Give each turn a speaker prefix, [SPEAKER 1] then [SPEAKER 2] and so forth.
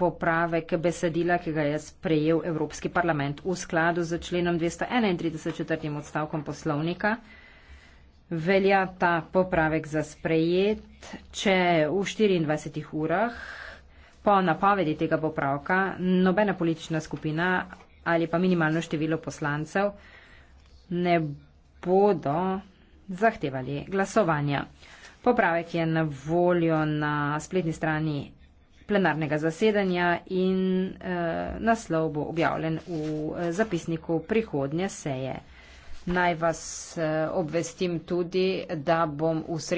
[SPEAKER 1] popravek besedila, ki ga je sprejel Evropski parlament v skladu z členom 231. odstavkom poslovnika. Velja ta popravek za sprejet, če v 24 urah po napovedi tega popravka nobena politična skupina ali pa minimalno število poslancev ne bodo zahtevali glasovanja. Popravek je na voljo na spletni strani plenarnega zasedanja in e, naslov bo objavljen v eh, zapisniku prihodnje seje. Naj vas eh, obvestim tudi, da bom v sredo.